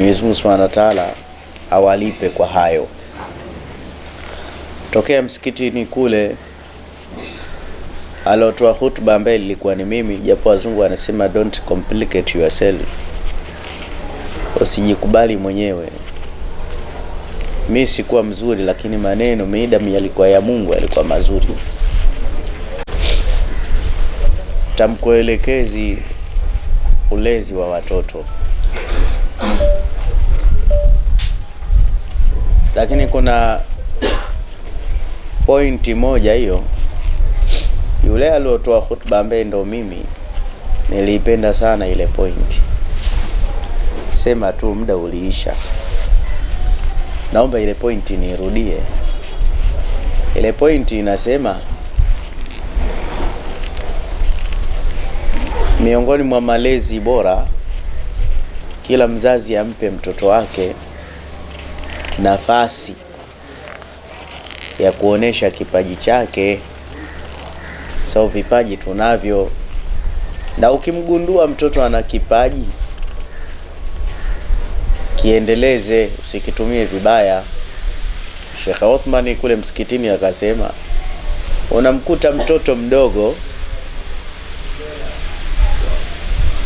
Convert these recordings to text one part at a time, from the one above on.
Mwenyezi Mungu Subhanahu wa Ta'ala awalipe kwa hayo. Tokea msikitini kule alotoa hutuba ambaye ilikuwa ni mimi, japo wazungu wanasema don't complicate yourself, usijikubali mwenyewe. Mi sikuwa mzuri, lakini maneno miidam yalikuwa ya Mungu, yalikuwa mazuri. tamkuelekezi ulezi wa watoto lakini kuna pointi moja hiyo, yule aliotoa hutuba ambaye ndo mimi niliipenda sana ile pointi. Sema tu muda uliisha, naomba ile pointi niirudie. Ile pointi inasema miongoni mwa malezi bora kila mzazi ampe mtoto wake nafasi ya kuonesha kipaji chake. So vipaji tunavyo, na ukimgundua mtoto ana kipaji kiendeleze, usikitumie vibaya. Sheikh Othmani kule msikitini akasema, unamkuta mtoto mdogo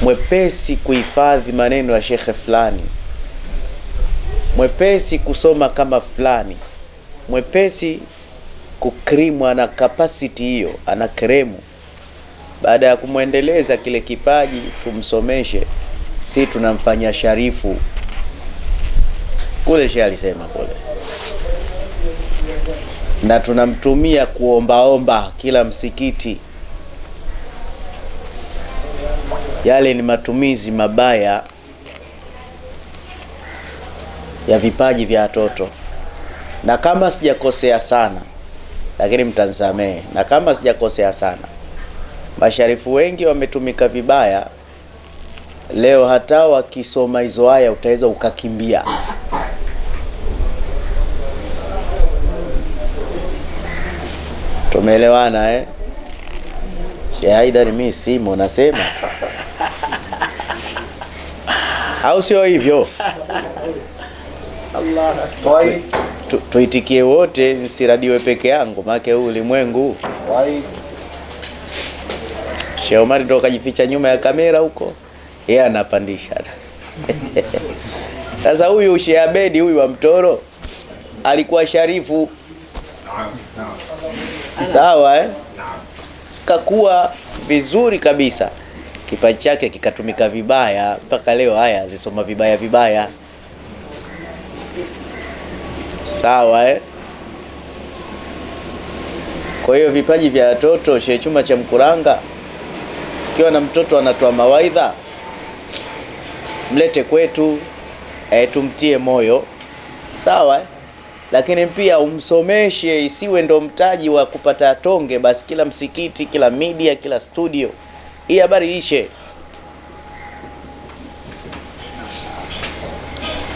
mwepesi kuhifadhi maneno ya shekhe fulani mwepesi kusoma kama fulani, mwepesi kukrimwa na capacity hiyo, ana kremu. Baada ya kumwendeleza kile kipaji, tumsomeshe, si tunamfanya sharifu kule, she alisema kule, na tunamtumia kuombaomba kila msikiti. Yale ni matumizi mabaya ya vipaji vya watoto, na kama sijakosea sana, lakini mtanisamehe, na kama sijakosea sana, masharifu wengi wametumika vibaya. Leo hata wakisoma hizo haya utaweza ukakimbia Tumeelewana eh? Sheikh Haidar, mimi simo nasema au sio hivyo? Tuitikie wote, nisiradiwe peke yangu, make huu ulimwengu. Sheikh Omar ndo kajificha nyuma ya kamera huko, yeye anapandisha sasa. Huyu Sheikh Abedi huyu wa Mtoro alikuwa sharifu sawa, eh? Kakuwa vizuri kabisa, kipaji chake kikatumika vibaya, mpaka leo haya zisoma vibaya vibaya Sawa eh? Kwa hiyo vipaji vya watoto, chuma cha mkuranga ukiwa na mtoto anatoa mawaidha, mlete kwetu eh, tumtie moyo sawa eh? Lakini pia umsomeshe, isiwe ndo mtaji wa kupata tonge basi, kila msikiti, kila media, kila studio, hii habari ishe.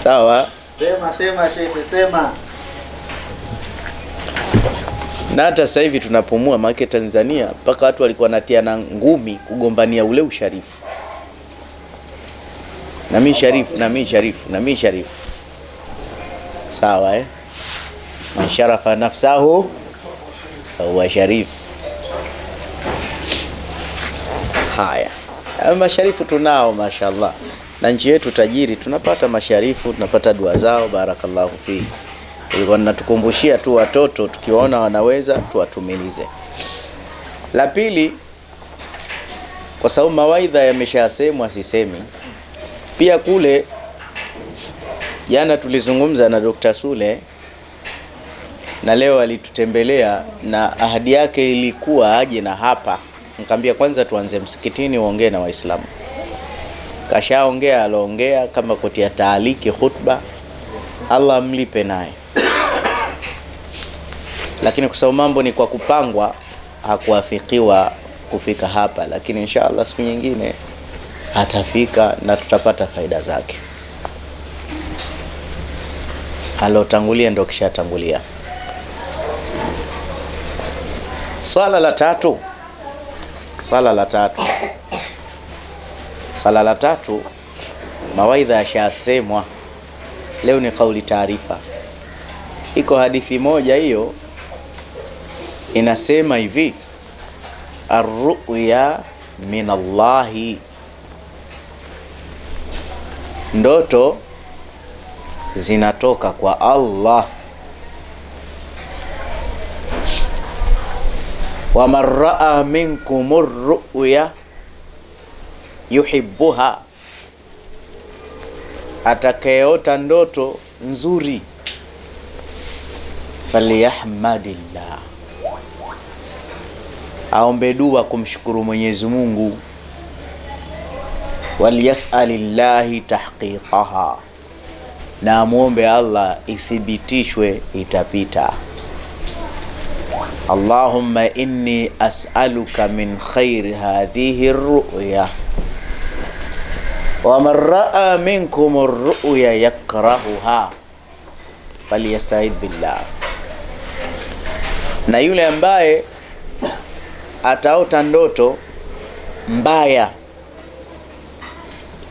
Sawa, sema sema shehe, sema na hata sasa hivi tunapumua, maana Tanzania mpaka watu walikuwa na ngumi kugombania ule usharifu, na mimi sharifu, na mimi sharifu, na mimi sharifu, sawa eh? Man sharafa nafsahu huwa sharifu. Haya, masharifu tunao, mashaallah, na nchi yetu tajiri, tunapata masharifu, tunapata dua zao, barakallahu fihi. Ilikuwa natukumbushia tu watoto, tukiwaona wanaweza tuwatumilize. La pili, kwa sababu mawaidha yameshasemwa, sisemi pia kule jana tulizungumza na Dr. Sule na leo alitutembelea na ahadi yake ilikuwa aje na hapa. Nikamwambia kwanza tuanze msikitini, uongee na Waislamu. Kashaongea, aloongea kama kutia taaliki khutba, Allah mlipe naye lakini kwa sababu mambo ni kwa kupangwa, hakuafikiwa kufika hapa, lakini insha siku nyingine atafika na tutapata faida zake. Alotangulia ndo kishatangulia. Sala la tatu, sala la tatu, sala la tatu, mawaidha yashasemwa. Leo ni kauli taarifa, iko hadithi moja hiyo inasema hivi arruya min Allahi, ndoto zinatoka kwa Allah. Waman raa minkum ruya yuhibbuha, atakayeota ndoto nzuri falyahmadillah aombe dua kumshukuru Mwenyezi Mungu, walyasalillahi tahqiqaha, na amwombe Allah ithibitishwe, itapita. Allahumma inni as'aluka min khairi hadhihi ruya wa man raa minkum ruya yakrahuha falyastaid billah, na yule ambaye ataota ndoto mbaya,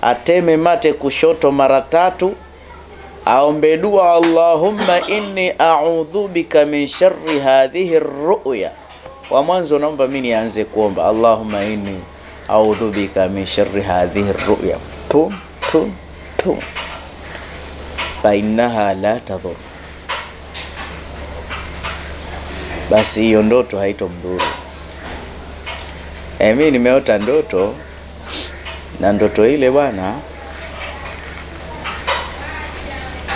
ateme mate kushoto mara tatu, aombe dua, Allahumma inni a'udhu bika min sharri hadhihi ruya. Wa mwanzo naomba mimi nianze kuomba, Allahumma inni a'udhu bika min sharri hadhihi ruya pum pum pum fa innaha la tadhur, basi hiyo ndoto haitomdhuru. E, eh, mi nimeota ndoto na ndoto ile bwana,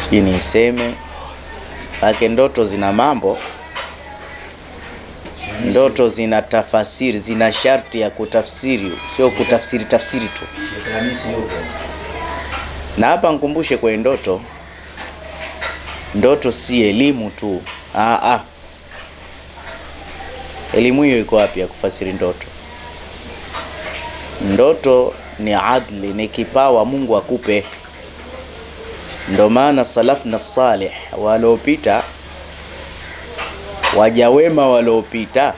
sijui niiseme ake, ndoto zina mambo, ndoto zina tafasiri, zina sharti ya kutafsiri, sio kutafsiri tafsiri tu. Na hapa nkumbushe kwenye ndoto, ndoto si elimu tu. Aa, elimu hiyo iko wapi ya kufasiri ndoto? Ndoto ni adli, ni kipawa Mungu akupe. Ndo maana salafna na salih waliopita, waja wema waliopita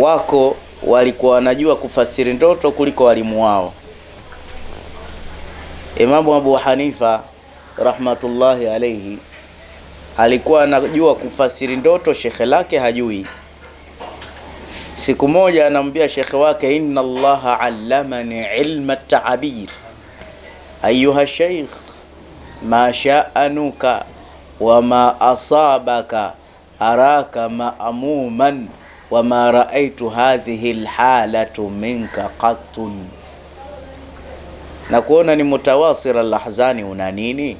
wako walikuwa wanajua kufasiri ndoto kuliko walimu wao. Imamu Abu Hanifa rahmatullahi alaihi alikuwa anajua kufasiri ndoto, shekhe lake hajui. Siku moja anamwambia shekhe wake, inna allah allamani ilma taabir ayuha sheikh ma sha'anuka wa ma asabaka araka maamuman wa ma raaitu hadhihi alhalatu minka qattun, na kuona ni mutawasir lahzani una nini?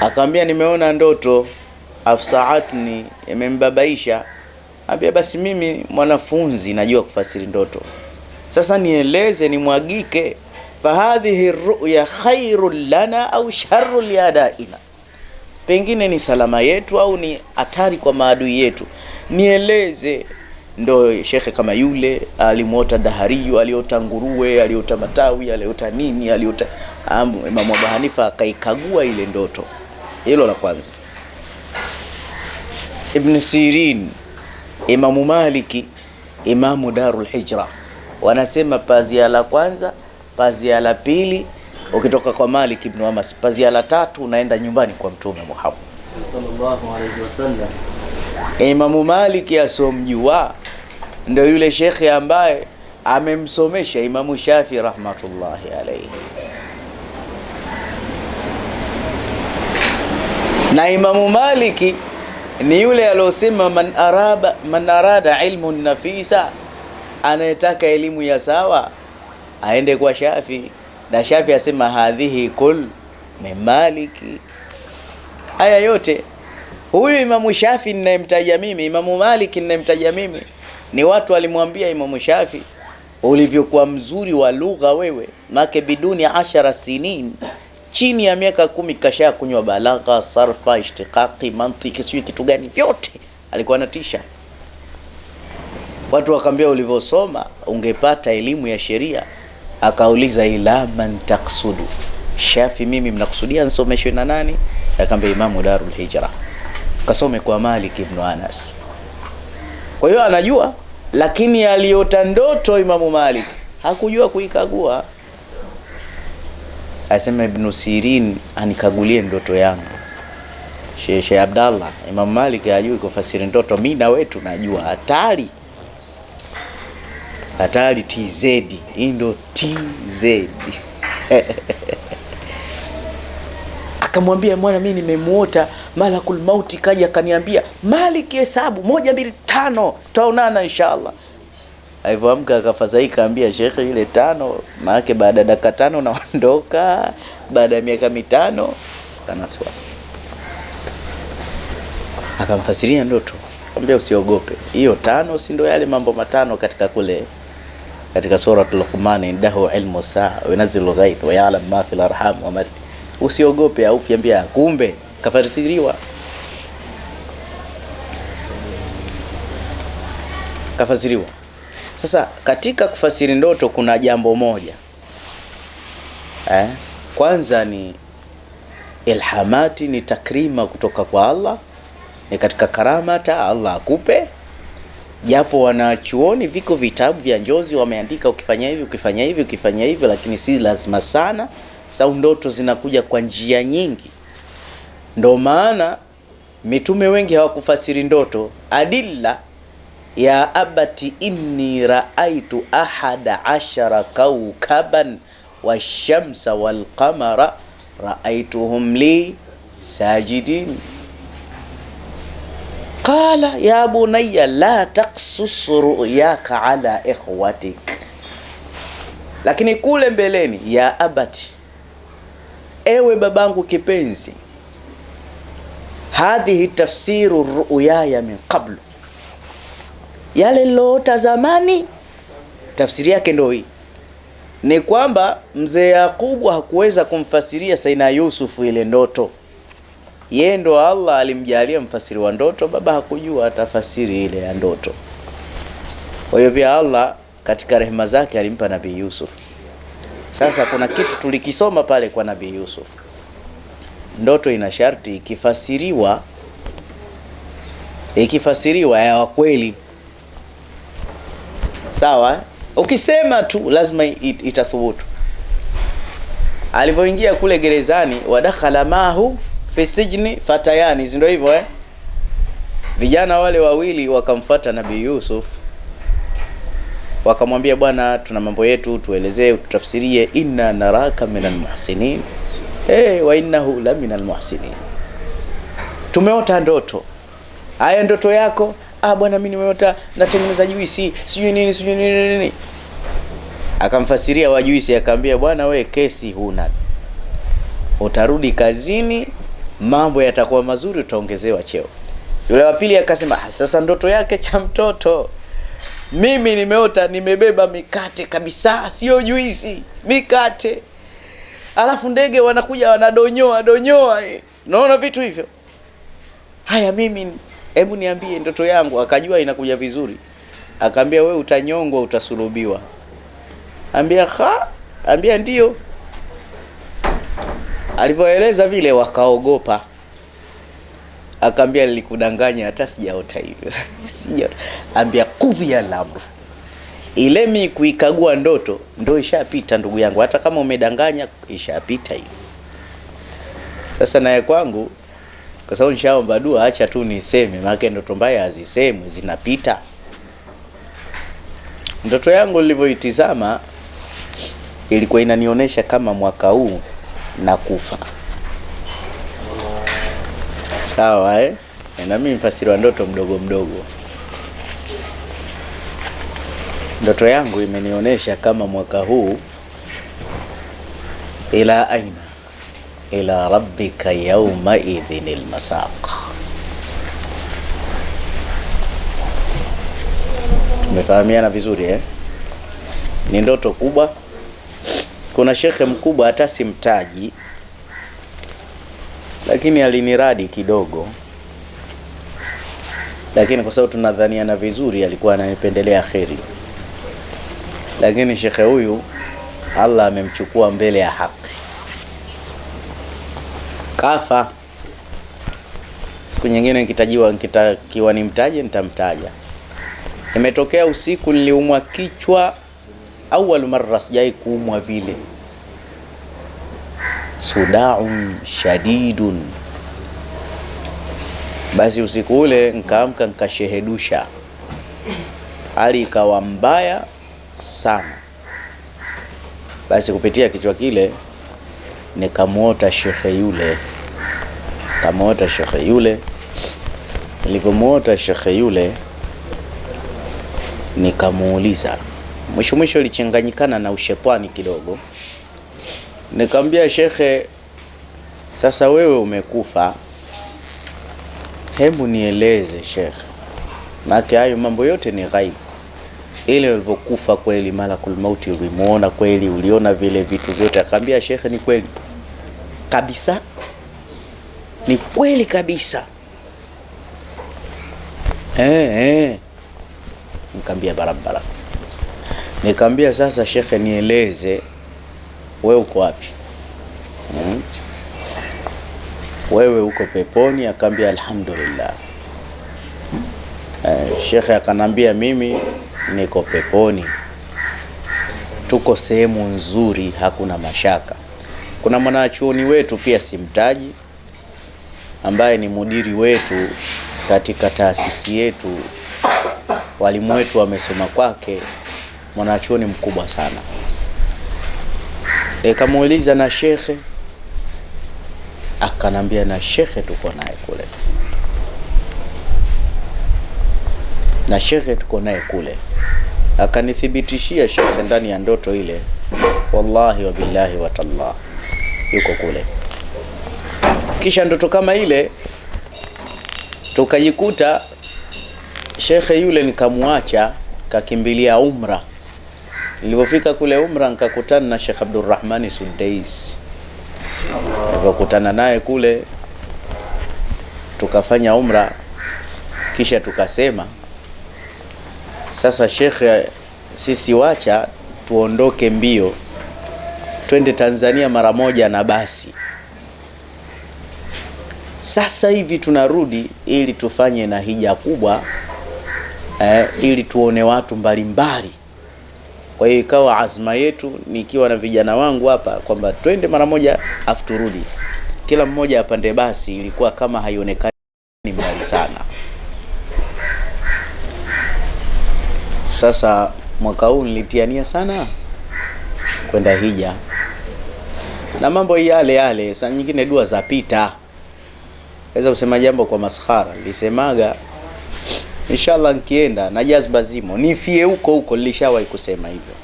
Akamwambia nimeona ndoto afsaatni, imembabaisha. Ambia basi mimi mwanafunzi najua kufasiri ndoto, sasa nieleze, nimwagike. Fahadhihi ruya khairu lana au sharu liadaina, pengine ni salama yetu au ni hatari kwa maadui yetu, nieleze. Ndo shekhe kama yule alimwota dahariyu, aliota nguruwe, aliota matawi, aliota nini, aliota Imamu Abu Hanifa akaikagua ile ndoto. Hilo la kwanza. Ibn Sirin, Imamu Maliki, Imamu Darul Hijra wanasema pazia la kwanza, pazia la pili ukitoka kwa Malik ibn Anas, pazia la tatu unaenda nyumbani kwa Mtume Muhammad sallallahu alaihi wasallam. Imamu Maliki asomjua ndio yule shekhe ambaye amemsomesha Imamu Shafi rahmatullahi alaihi, na Imamu Maliki ni yule aliyosema man arada, man arada ilmun nafisa, anayetaka elimu ya sawa aende kwa Shafi, na Shafi asema hadhihi kul mimaliki. Haya yote huyu Imamu Shafi ninayemtaja mimi, Imamu Maliki ninayemtaja mimi, ni watu walimwambia Imamu Shafi, ulivyokuwa mzuri wa lugha wewe, make biduni ashara sinin chini ya miaka kumi kasha kunywa balagha, sarfa, ishtiqaqi, mantiki, sijui kitu gani, vyote alikuwa anatisha watu. Wakaambia ulivyosoma ungepata elimu ya sheria. Akauliza, ila man taksudu Shafi, mimi mnakusudia nisomeshwe na nani? Akaambia Imamu Darul Hijra, kasome kwa Malik ibn Anas. Kwa hiyo anajua, lakini aliyota ndoto Imamu Malik hakujua kuikagua asema Ibnu Sirin anikagulie ndoto yangu. Sheikh Abdallah, Imam Malik hajui kufasiri ndoto, mimi na wewe tunajua hatari hatari. TZ hii ndo TZ akamwambia mwana, mimi nimemuota malakul mauti, kaja akaniambia Malik, hesabu moja mbili tano, tutaonana inshallah alivyoamka akafadhaika, ambia shekhe, ile tano maanake baada ya dakika tano naondoka, baada ya miaka mitano. Ana wasiwasi, akamfasiria ndoto, ambia usiogope, hiyo tano si ndio yale mambo matano katika kule katika Surat Luqman, indahu ilmu saa yunazilu ghaith wa ya'lam ma fil arham, usiogope. Au fiambia ah, kumbe kafasiriwa kafasiriwa sasa katika kufasiri ndoto kuna jambo moja eh? Kwanza ni ilhamati, ni takrima kutoka kwa Allah, ni katika karamata Allah akupe. Japo wanachuoni, viko vitabu vya njozi wameandika, ukifanya hivi ukifanya hivi ukifanya hivi, lakini si lazima sana. Sau ndoto zinakuja kwa njia nyingi, ndo maana mitume wengi hawakufasiri ndoto adilla ya abati inni raaitu ahada ashara kaukaban washamsa walqamara raaituhum li sajidin qala ya bunayya la taksus ruyaka ala ikhwatik, lakini kule mbeleni, ya abati, ewe babangu kipenzi, hadhihi tafsiru ya min qablu yale liloota zamani, tafsiri yake ndio hii ni kwamba mzee Yaqubu hakuweza kumfasiria Saina Yusufu ile ndoto. Yeye ndo Allah alimjalia mfasiri wa ndoto, baba hakujua atafasiri ile ya ndoto. Kwa hiyo pia Allah katika rehema zake alimpa Nabii Yusuf. Sasa kuna kitu tulikisoma pale kwa Nabii Yusuf, ndoto ina sharti ikifasiriwa, ikifasiriwa ya kweli sawa eh? Ukisema tu lazima it, itathubutu. Alivyoingia kule gerezani, wadakhala mahu fi sijni fatayani, zindo hivyo eh? Vijana wale wawili wakamfata Nabii Yusuf wakamwambia, bwana, tuna mambo yetu, tuelezee, tutafsirie. inna naraka minal muhsinin hey, eh, wa innahu la minal muhsinin, tumeota ndoto. Haya, ndoto yako ah, bwana mimi nimeota natengeneza juisi sijui nini sijui nini nini. Akamfasiria wa juisi, akamwambia bwana, we kesi huna, utarudi kazini, mambo yatakuwa mazuri, utaongezewa cheo. Yule wa pili akasema, ah, sasa ndoto yake cha mtoto mimi nimeota nimebeba mikate kabisa, sio juisi, mikate. Alafu ndege wanakuja wanadonyoa donyoa, eh. naona vitu hivyo. Haya, mimi hebu niambie ndoto yangu. Akajua inakuja vizuri, akaambia we utanyongwa, utasulubiwa. Ambia ha, ambia ndio. Alivyoeleza vile wakaogopa, akaambia nilikudanganya, hata sijaota hivyo sijaota. Ambia ya lamru ile mi kuikagua ndoto ndo ishapita, ndugu yangu, hata kama umedanganya ishapita hiyo. Sasa naye kwangu kwa sababu nishaomba dua, acha tu niseme, maana ndoto mbaya hazisemwi, zinapita. Ndoto yangu nilivyoitizama ilikuwa inanionyesha kama mwaka huu nakufa. Sawa eh? E, na mimi mfasiri wa ndoto mdogo mdogo. Ndoto yangu imenionyesha kama mwaka huu ila aina ila rabbika yawma idhin almasaq. Tumefahamiana vizuri eh? Ni ndoto kubwa. Kuna shekhe mkubwa hata simtaji, lakini aliniradi kidogo, lakini kwa sababu tunadhaniana vizuri, alikuwa ananipendelea kheri, lakini shekhe huyu Allah amemchukua mbele ya haki kafa. Siku nyingine nikitajiwa, nikitakiwa nimtaje nitamtaja. Imetokea usiku niliumwa kichwa, awal marra, sijai kuumwa vile, sudaun shadidun. Basi usiku ule nkaamka, nkashehedusha, hali ikawa mbaya sana. Basi kupitia kichwa kile nikamwota shekhe yule, kamwota shekhe yule. Nilipomwota shekhe yule nikamuuliza, mwisho mwisho ilichanganyikana na ushetani kidogo, nikamwambia shekhe, sasa wewe umekufa, hebu nieleze shekhe, maana hayo mambo yote ni ghaibu ile ulivyokufa kweli, malakul mauti ulimuona kweli, uliona vile vitu vyote? Akamwambia shekhe, ni kweli kabisa, ni kweli kabisa. Eh, eh. Nikamwambia barabara. Nikamwambia sasa, shekhe, nieleze wewe uko wapi? hmm. Wewe uko peponi? Akamwambia alhamdulillah. Hmm? Eh, shekhe akanambia mimi niko peponi. Tuko sehemu nzuri, hakuna mashaka. Kuna mwanachuoni wetu pia simtaji, ambaye ni mudiri wetu katika taasisi yetu, walimu wetu wamesoma kwake, mwanachuoni mkubwa sana. Nikamuuliza e, na shekhe, akanambia na shekhe tuko naye kule, na shekhe tuko naye kule akanithibitishia shekhe ndani ya ndoto ile, wallahi wa billahi wa tallah, yuko kule. Kisha ndoto kama ile tukajikuta shekhe yule nikamwacha, kakimbilia umra. Nilipofika kule umra, nikakutana na shekhe Abdurrahmani Sudais. Nilipokutana naye kule, tukafanya umra, kisha tukasema sasa shekhe, eh, sisi wacha tuondoke mbio, twende Tanzania mara moja na basi. Sasa hivi tunarudi ili tufanye na hija kubwa eh, ili tuone watu mbalimbali. Kwa hiyo ikawa azma yetu, nikiwa na vijana wangu hapa, kwamba twende mara moja afu turudi, kila mmoja apande basi. Ilikuwa kama haionekani mbali sana. Sasa mwaka huu nilitiania sana kwenda hija na mambo yale yale, saa nyingine dua za pita naweza kusema jambo kwa maskhara. Nilisemaga inshallah nkienda na jazba zimo nifie huko huko, nilishawahi kusema hivyo.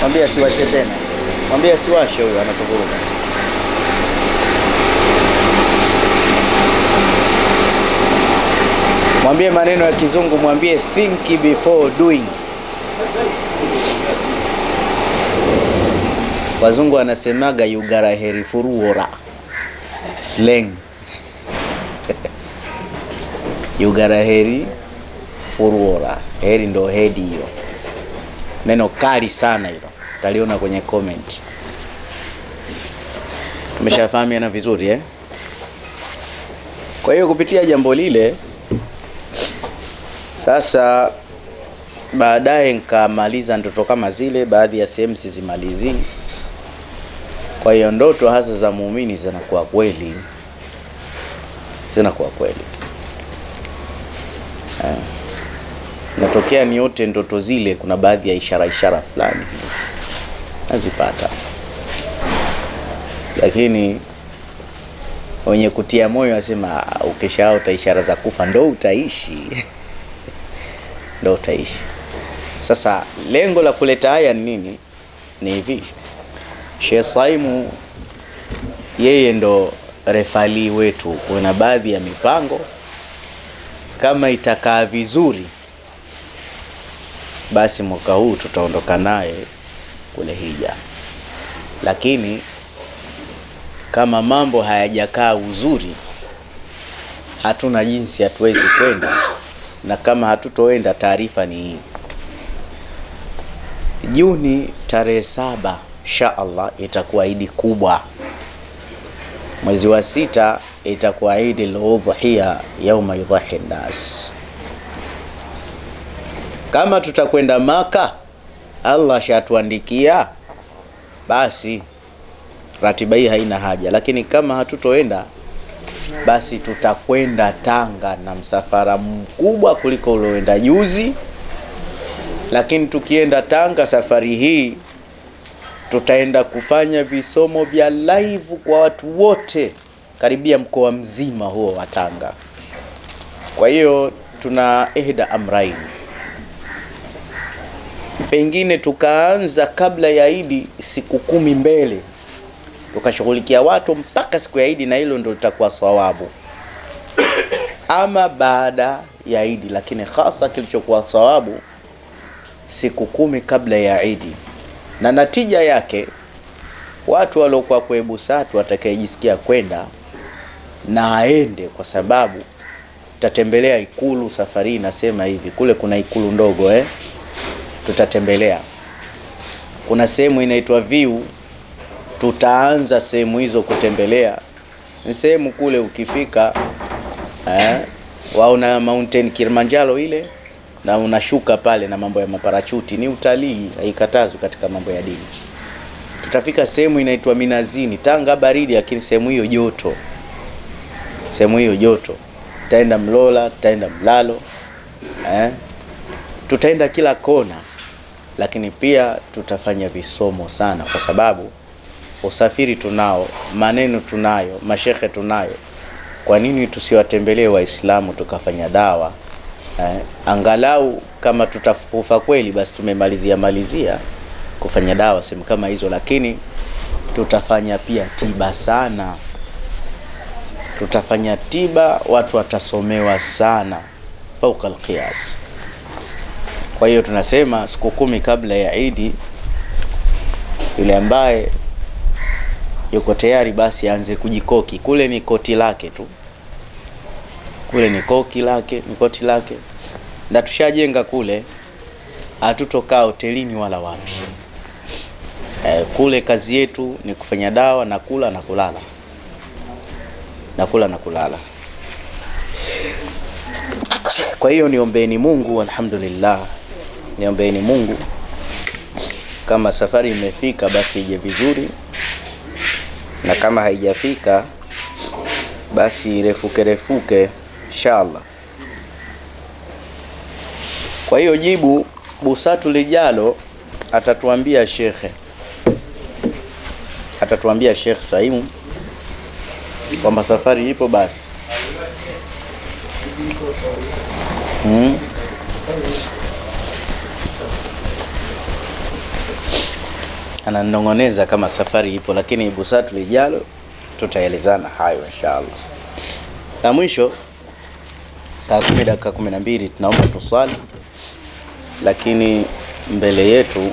Mwambie asiwache tena, mwambie asiwashe, huyo anatuvuruga. mwambie maneno ya Kizungu, mwambie think before doing. Wazungu anasemaga yugara for furuora slang yugara heri furuora, heri ndo hedi hiyo, neno kali sana hilo, taliona kwenye comment. Tumeshafahamiana vizuri eh? Kwa hiyo kupitia jambo lile sasa baadaye nikamaliza ndoto kama zile, baadhi ya sehemu sizimalizi. Kwa hiyo ndoto hasa za muumini zinakuwa kweli, zinakuwa kweli. Eh. Natokea ni yote ndoto zile, kuna baadhi ya ishara ishara fulani nazipata, lakini wenye kutia moyo wasema ah, ukishaota ishara za kufa ndo utaishi. ndio utaishi. Sasa lengo la kuleta haya ni nini? Ni hivi, Sheikh Saimu yeye ndo refali wetu. Kuna baadhi ya mipango kama itakaa vizuri, basi mwaka huu tutaondoka naye kule hija, lakini kama mambo hayajakaa uzuri, hatuna jinsi, hatuwezi kwenda na kama hatutoenda taarifa ni hii. Juni tarehe saba insha Allah itakuwa idi kubwa. Mwezi wa sita itakuwa idi ludhuhia, yauma yudhahi nas Kama tutakwenda Maka, Allah shatuandikia, basi ratiba hii haina haja, lakini kama hatutoenda basi tutakwenda Tanga na msafara mkubwa kuliko ulioenda juzi, lakini tukienda Tanga safari hii tutaenda kufanya visomo vya live kwa watu wote karibia mkoa mzima huo wa Tanga. Kwa hiyo tuna ehda amrain, pengine tukaanza kabla ya Idi siku kumi mbele tukashughulikia watu mpaka siku ya Idi, na hilo ndio litakuwa sawabu ama baada ya Idi, lakini hasa kilichokuwa sawabu siku kumi kabla ya Idi, na natija yake watu waliokuwa kwa Ebusatu watakayejisikia kwenda na aende, kwa sababu tutatembelea ikulu safari inasema hivi, kule kuna ikulu ndogo eh, tutatembelea kuna sehemu inaitwa Viu tutaanza sehemu hizo kutembelea. Ni sehemu kule ukifika eh, waona mountain Kilimanjaro ile na unashuka pale na mambo ya maparachuti, ni utalii, haikatazwi katika mambo ya dini. Tutafika sehemu inaitwa Minazini. Tanga baridi, lakini sehemu hiyo joto, sehemu hiyo joto. Tutaenda Mlola, tutaenda Mlalo eh, tutaenda kila kona, lakini pia tutafanya visomo sana kwa sababu usafiri tunao, maneno tunayo, mashekhe tunayo. Kwa nini tusiwatembelee Waislamu tukafanya dawa eh? Angalau kama tutakufa kweli, basi tumemalizia malizia kufanya dawa sehemu kama hizo, lakini tutafanya pia tiba sana, tutafanya tiba, watu watasomewa sana fauka alqiyas. Kwa hiyo tunasema siku kumi kabla ya Idi, yule ambaye yuko tayari, basi aanze kujikoki. Kule ni koti lake tu, kule ni koki lake, ni koti lake. Na tushajenga kule, hatutokaa hotelini wala wapi. E, kule kazi yetu ni kufanya dawa na kula na kulala, na kula na kulala. Kwa hiyo niombeeni Mungu, alhamdulillah, niombeeni Mungu kama safari imefika basi ije vizuri na kama haijafika basi refuke refuke inshallah. Kwa hiyo jibu busatu lijalo atatuambia shekhe, atatuambia shekhe Saimu kwamba safari ipo basi, hmm. ananong'oneza kama safari ipo, lakini busatu lijalo tutaelezana hayo inshallah. Na mwisho saa kumi dakika kumi na mbili tunaomba tuswali lakini mbele yetu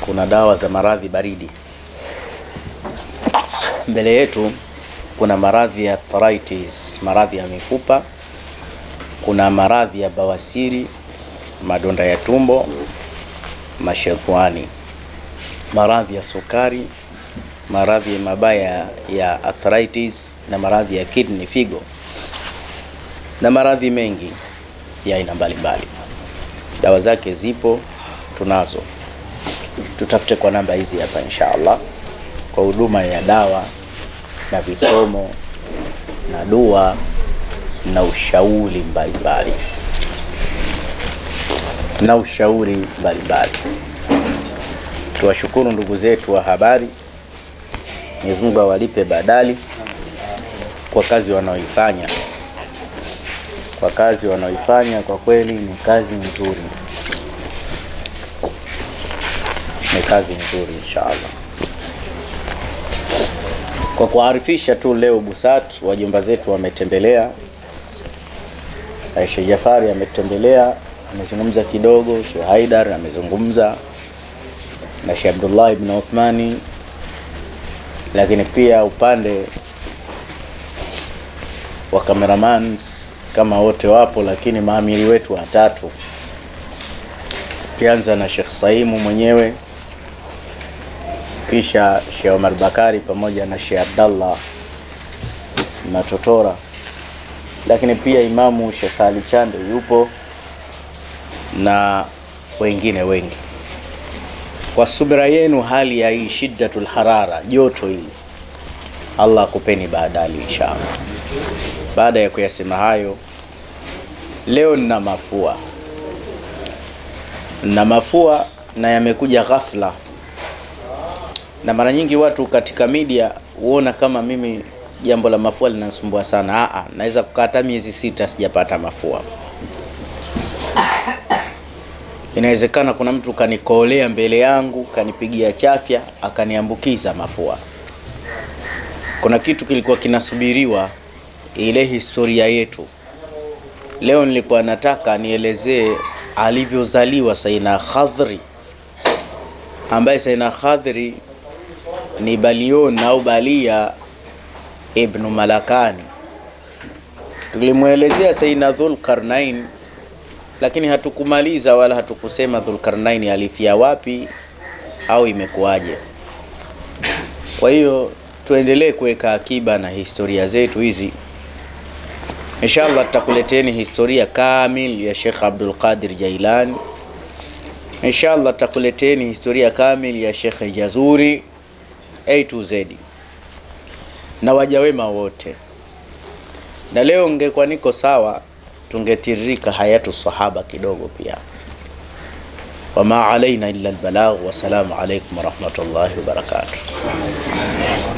kuna dawa za maradhi baridi. Mbele yetu kuna maradhi ya arthritis, maradhi ya mifupa, kuna maradhi ya bawasiri, madonda ya tumbo, mashekwani maradhi ya sukari, maradhi mabaya ya arthritis na maradhi ya kidney, figo na maradhi mengi ya aina mbalimbali. Dawa zake zipo, tunazo. Tutafute kwa namba hizi hapa inshallah, kwa huduma ya dawa na visomo na dua na ushauri mbalimbali na ushauri mbalimbali. Tuwashukuru ndugu zetu wa habari, Mwenyezi Mungu awalipe badali kwa kazi wanaoifanya, kwa kazi wanaoifanya kwa kweli ni kazi nzuri, ni kazi nzuri inshaallah. Kwa kuarifisha tu, leo BUSAT wajumba zetu wametembelea, Aisha Jafari ametembelea, amezungumza kidogo, Sheikh Haidar amezungumza na Sheikh Abdullah ibn Uthmani, lakini pia upande wa cameraman kama wote wapo, lakini maamiri wetu watatu, ukianza na Sheikh Saimu mwenyewe kisha Sheikh Omar Bakari pamoja na Sheikh Abdallah Matotora, lakini pia Imamu Sheikh Ali Chande yupo na wengine wengi kwa subra yenu hali ya hii shiddatul harara, joto hili. Allah akupeni baadali inshaallah Baada ya kuyasema hayo, leo nina mafua na mafua na yamekuja ghafla, na mara nyingi watu katika media huona kama mimi jambo la mafua linasumbua sana. naweza kukaa hata miezi sita sijapata mafua. Inawezekana kuna mtu kanikolea mbele yangu, kanipigia chafya, akaniambukiza mafua. Kuna kitu kilikuwa kinasubiriwa, ile historia yetu. Leo nilikuwa nataka nielezee alivyozaliwa Saina Khadhri, ambaye Saina Khadhri ni Balion au Balia ibnu Malakani. Tulimwelezea Saina Dhulqarnain lakini hatukumaliza wala hatukusema Dhulkarnain alifia wapi au imekuwaje. Kwa hiyo tuendelee kuweka akiba na historia zetu hizi. Inshallah tutakuleteni historia kamil ya Sheikh Abdul Qadir Jailani. Inshallah tutakuleteni historia kamil ya Sheikh Jazuri A to Z na wajawema wote, na leo ngekuwa niko sawa tungetiririka hayatu sahaba kidogo pia. Wama alaina illa albalagh. Wassalamu alaikum warahmatullahi wabarakatuh.